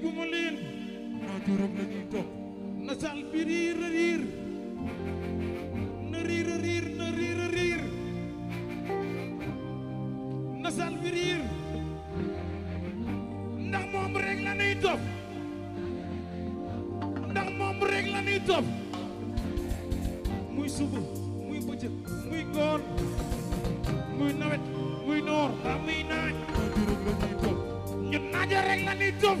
dégguma leen rajoram la ñuy topp na saal bi riir a riir na riir a riir na riir a riir na saal bi riir ndax moom rek la ñuy topp ndax moom rek la ñuy topp muy suba muy bëccëg muy góor muy nawet muy noor ba muy naaj rajoram la ñuy topp ñun naaja rek la ñuy topp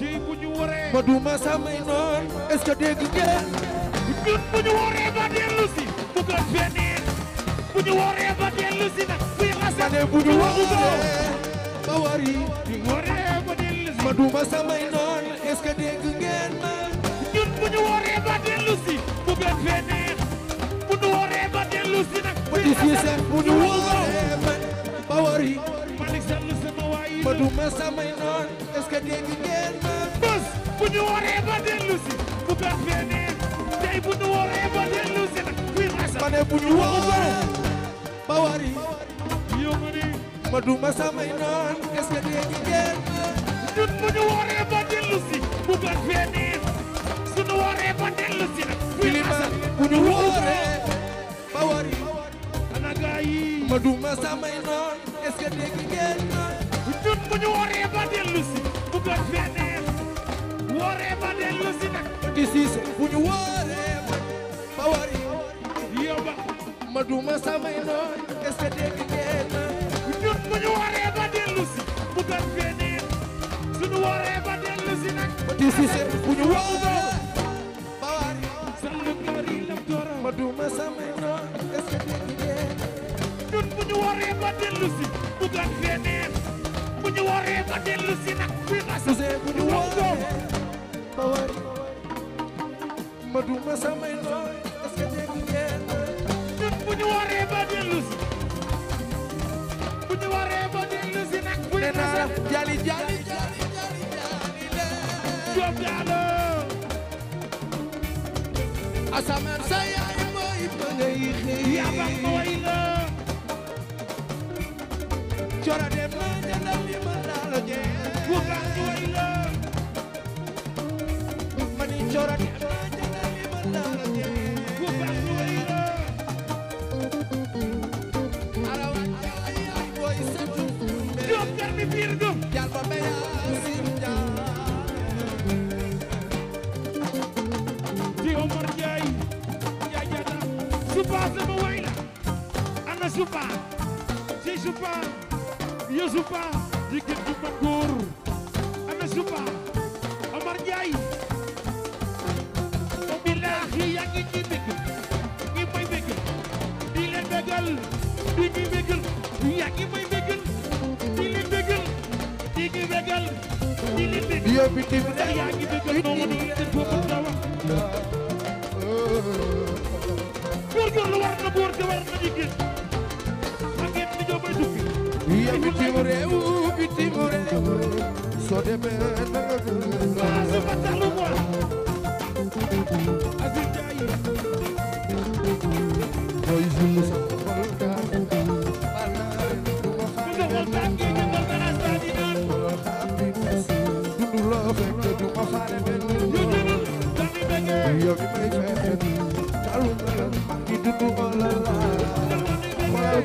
ci bu ñu waree ma duma samay noon est-ce que dégg ngeen ñun bu ñu waree ba dellu si bu ko beneen bu ñu waree ba dellu si nag buy xasee bu ñu waree ma wari di waree ba dellu si ma duma samay noon est-ce que dégg ngeen ma ñun bu ñu waree ba dellu si bu ko beneen bu ñu waree ba dellu si nag buy xasee bu ñu waree ma wari duma samay ma bés bu ñu waree ba dellu bu ñu waree ba dellu si nag kuy xasa bu ñu waree ba wari yow ma ni bu ñu waree ba dellu si nag kuy xasa bu ñu waree ba wari ana gaa ma duma samay noon est-ce que dégg bu ñu wooree ba dellu si bu gën fee neex wooree ba dellu si nag di siise bu ñu wooree ba wari yóbba ma duma samay noon est-ce que dégg ngeen ñun bu ñu wooree ba dellu si bu gën fee neex suñu wooree ba dellu si nag di siise bu ñu wooree ba wari sàllu kari lam doora ma duma samay noon est-ce que dégg ngeen ñun bu ñu wooree ba dellu si bu gën fee neex ko dellu si nag fii ma sa bu ñu woo ma way ma du ma samay nooy est-ce que dégg ngeen ñun bu ñu waree ba dellu si bu ñu waree ba dellu si nag fii ma sa jali jali jali jali jali leen joob jaalo asamaan sa yaay mooy ba ngay xëy yaa ba mooy la cora dem na Supa sama waay la ana Supa si Supa yo Supa jigéen ju man góor ana Supa Omar Ndiaye billaahi yaa ngi ñi bëgg ngi may bëgg di leen bëggal di ngi bëggal yaa ngi may bëggal di leen bëggal di ngi bëggal di leen bëggal yaa ngi bëggal noonu buur gi war nañu gis ak yéen ni ñoo koy tukki yaa bitim réew bitim réew soo demee na nga gën waa sama talu mool Aziz Ndiaye mooy jumbu sax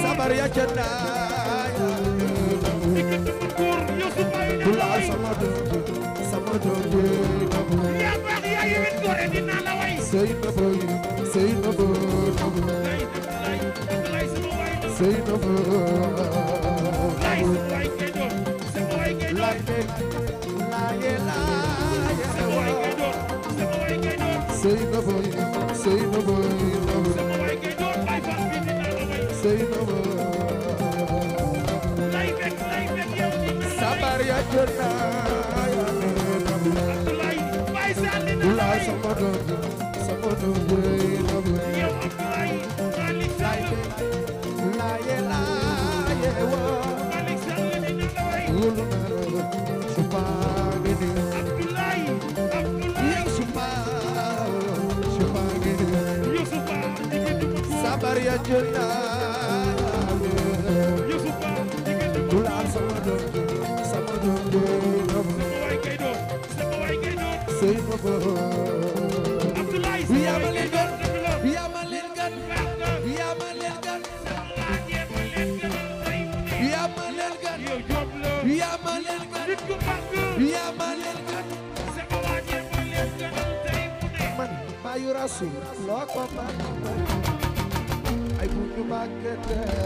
Sabar ya canda say no boy, say no boy. You're not. yu rasul loo ko mag ay bu ñu màggatee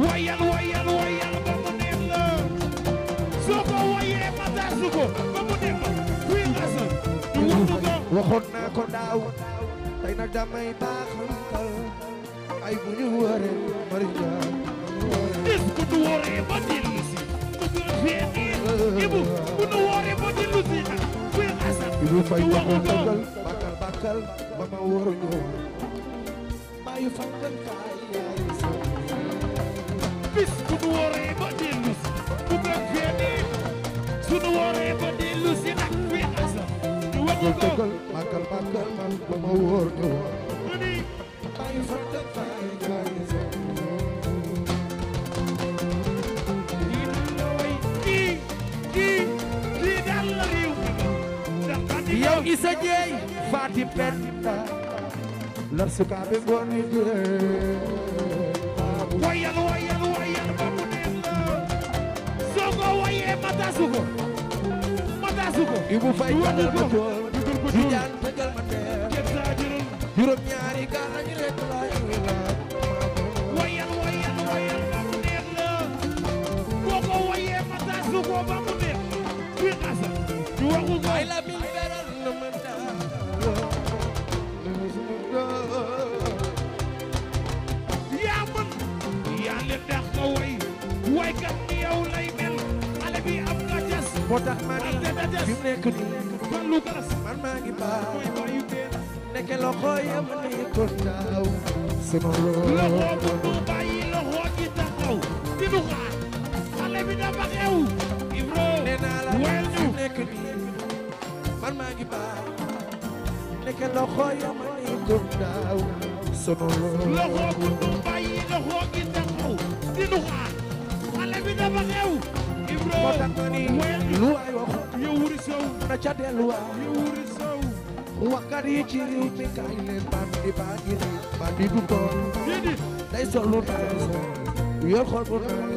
wayal wayal wayal ba mu neex la soo ko wayee ma taasu ko ba mu neex la kuy xasa ñu wutu ko waxoon naa ko daaw tey nag damay baaxantal ay bu ñu waree marija is ku du waree ba dellu si ku du feeñee ibu ku du waree ba dellu si ibu fay taxaw ba ma waru ñëw mayu fangal kaay yaay bis bu nu ba dellu si bu nga feenee su nu wooree ba dellu si nag fi ba ma waru yow Issa Dieye Fati Penda lar sukaabe ngooni juree wayal wayal wayal ba mu la soo wayee ma tasu ma tasu ko ibu fay jagal ma tool di jaan tegal ma teer juróom ñaar que loxo yam ni ko taw sunu loxo bu mu bàyyi loxo ji taxaw di nu xaar xale bi dafa xew ibro wel ñu nekk nii man maa ngi baal ne que loxo yam ni ko taw sunu loxo bu mu bàyyi loxo ji taxaw di nu xaar xale bi dafa xew ibro wel ñu lu ay wax yow wuri sow na ca delluwaat yow wuri sow waxkat yi ci réew mi kaay leen bandi bandi bandi du toog day solu naa yor xol bu naa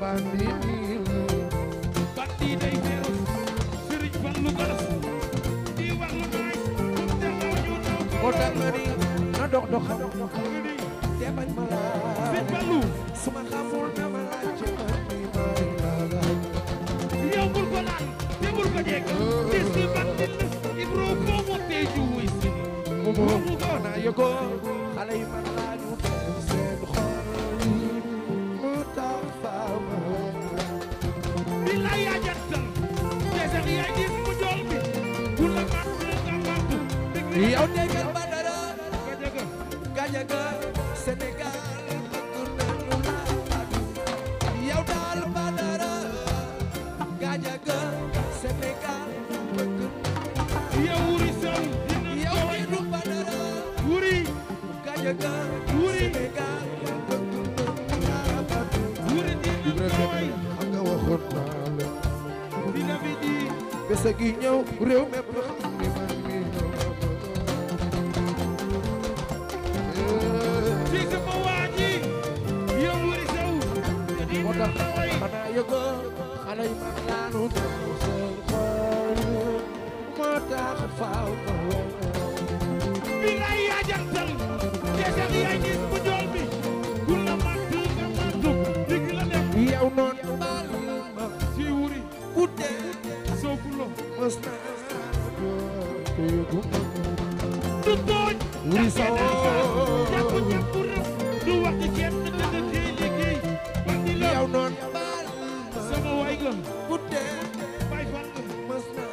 bandi nii bandi day teeru sëriñ Fallu galas di wax lu naay ko dangani na dox doxam te bañ ma laa suma xamul na yëgoo xale yu sa gi ñëw réew mépp la xam ne man mi fii sama waa ji yow wuri saw moo tax xanaa yëgoo xale yi man laanu moo tax faaw sokulo masta du tooñ wuri sawo jàpp ñëpp du wax ci kenn da da tey liggéey bandi la yow noon sama waay nga gudde bay fan masta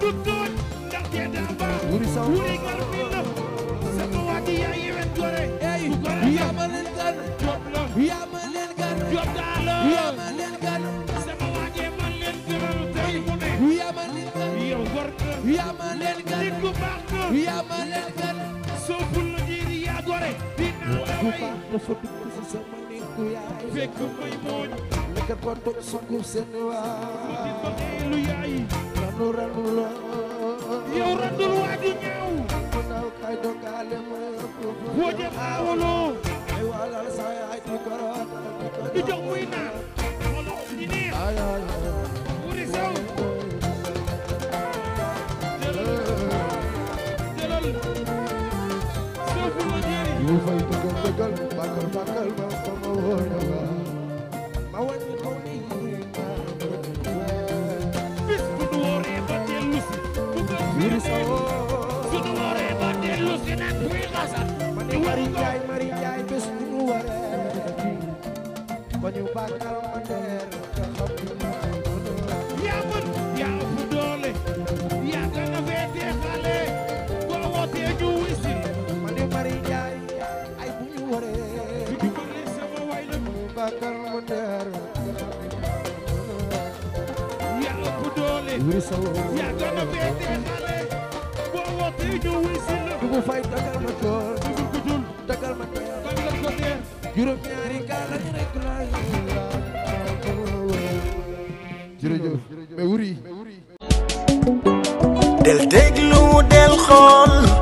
du tooñ ndax te da ba wuri sawo wuri garmi na sama waa ji yaa yewen gore ey yaa ma leen gan job la yaa ma leen gan job yaa ma leen gën nit ku baax nga yaa ma leen gën soo bul la diir yaa gore dinaa la way dafa dugg si sama nit ku yaay fekk may ba toog lu yaay ranu ranu la fay dëggal dëggal bàkkal bàkkal ma sama woona ba ma wàññi ko ni bis bu du wooree ba dellu si bu gën fiir sa woo su du wooree ba dellu si nag buy xasal ma ni mari jaay mari jaay bis bu du wooree ba ñu bàkkal bakar mu der yaa ëpp doole yaa gën a bete xale boo wootee ñu wuy si la dugu fay dagal ma toor dugu gudul dagal ma toor kan la ko der juróom ñaari kaa lañu rek laay jërëjëf mais wuri del déglu del xool